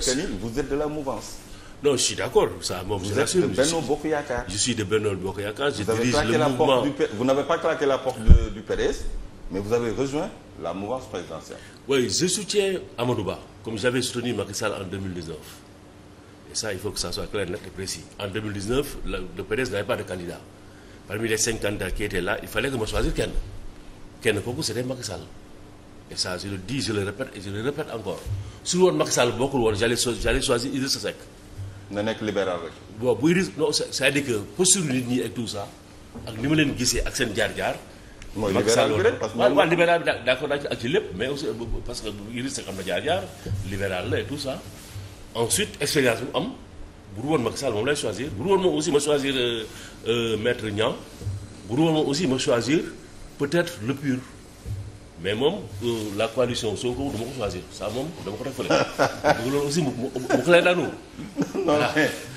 que ni vous êtes de la non je suis d'accord ça moom. je de Benno Bokk je suis de Benno Bokk je dirige le mouvement vous n'avez pas claqué la porte de, du PDS mais vous avez rejoint la mouvance présidentielle. je soutiens Amadou comme j'avais soutenu Macky Sall en et ça il faut que ça soit clair en 2019 le, le PDS n'avait pas de candidat parmi les cinq candidats qui étaient là il fallait que ma choisir kenn kenn kooku c'était Macky et le dis je le répète et je le répète nekk libéral rek. bon bu Idriss non cest ma leen gisee ak seen jaar-jaar. mooy libéral bi rek parce que bi lépp mais aussi parce que Idriss tout ça ensuite expérience bu am bu dul woon Macky Sall moom lay choisir bu dul woon moom aussi ma choisir euh, euh, maître Niang bu dul moom aussi ma choisir peut-être le pur. mais moom euh, la coalition Sonko dama ko choisir ça moom dama ko def fële. bu loolu aussi mu mu xëlee daanu. non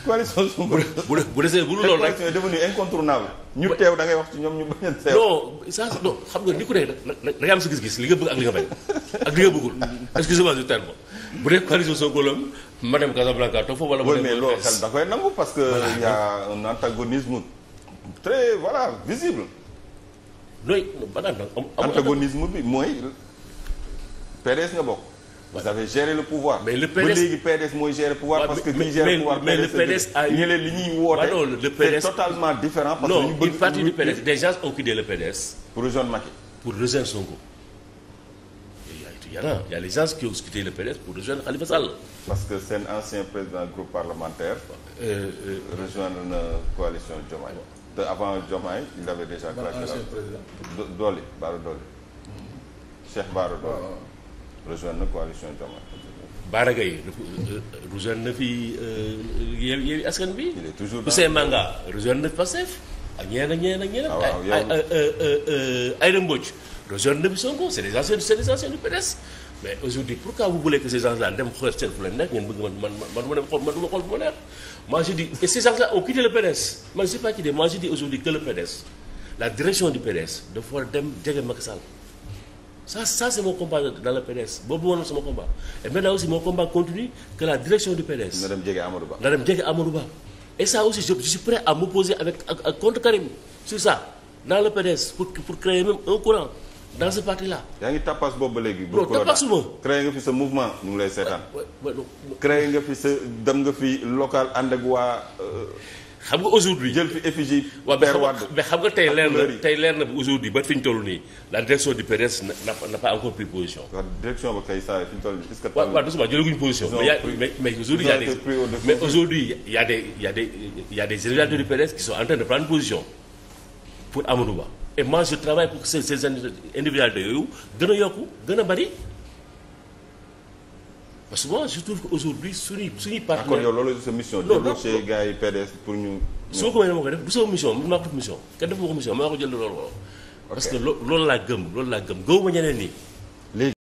coalition Sonko bu bu desee bu dul loolu rek. est devenu incontournable. ñu teew da ngay wax ci ñoom ñu bañ a teew. non ça non xam nga ni ku ne da ngay am sa gis-gis li nga bëgg ak li nga bañ ak li nga bëggul excusez-moi du terme bu dee coalition Sonko la ma dem Casablanca toog fa wala. ma dem mais loolu xel da koy nangu parce que. il y a un antagonisme très voilà visible. looy maanaam donc antagonisme bi mooy PDS nga bokk. vous avez géré le pouvoir. mais le PDS ba léegi PDS mooy gérer pouvoir. parce que ñi gère pouvoir PDS mais le PDS a ñu leen li ñuy le PDS c'est totalement différent. parce que ñu bëgg non une partie du PDS des gens ont quitté le PDS. pour rejoindre Macky. pour rejoindre Sonko. y en a y a les gens qui ont quitté le PDS pour rejoindre Khalifa Sall. parce que seen ancien président groupe parlementaire. Euh, euh, rejoindre na coalition Diomaye. avant Diomaye il avait déjà claqué la Dolly Bara Dolly mm-hmm. Cheikh Bara Dolly rejoindre na coalition Diomaye Bara Gaye rejoindre na fi Yewwi euh, Yewwi Askan Wi bi est toujours Ousmane Manga rejoindre na Pastef ak ñeen ak ñeen ak ñeen ah, ay ay euh, euh, Aïda Mbodj rejoindre na fi Sonko c'est des anciens c'est des du PDS mais aujourd'hui pourquoi vous voulez que ces gens-là dem xool seen fu leen nekk ngeen bëgg man man man ma dem xool man du ma xool fu ma neex moi je dis et ces gens-là ont quitté le PDS man c'est pas quitté moi je dis aujourd'hui que le PDS la direction du PDS dafa war a dem jege Macky Sall ça ça c'est mon combat dans le PDS boobu woon na sama combat et maintenant aussi mon combat continue que la direction du PDS. na dem jege Amadou Ba na dem jege Amadou Ba et ça aussi je, je suis prêt à m'opposer avec ak contre Karim sur ça dans le PDS pour pour créer même un courant. dans ce parti là. yaa ngi tapas boobu ba léegi. non tapasuma créé nga fi sa mouvement ñu lay seetaan. créé nga fi sa dem nga fi local ànd ak waa. xam nga aujourd'hui jël fi effigie. père Wade mais xam nga tey leer na tey leer na bu aujourd'hui ba fi ñu toll nii la direction du PDS n'a n'a pas encore pris position. waaw direction ba ñu position. mais a mais mais aujourd'hui y' a des mais aujourd'hui y' a des qui sont en train position pour Amadou Ba. et moi je travaille pour que ces ces individualités gën a yokku gën a bari parce que moi je trouve que aujourd'hui suñuy suñuy ah, partenaire. d'accord yow loolu sa mission. déboucher gars pour ñu. su ma ko mënee ma ko mission man mission kenn def ma ko mission maa ko jël loolu. parce loolu laa gëm loolu laa gëm gëwuma ñeneen nii.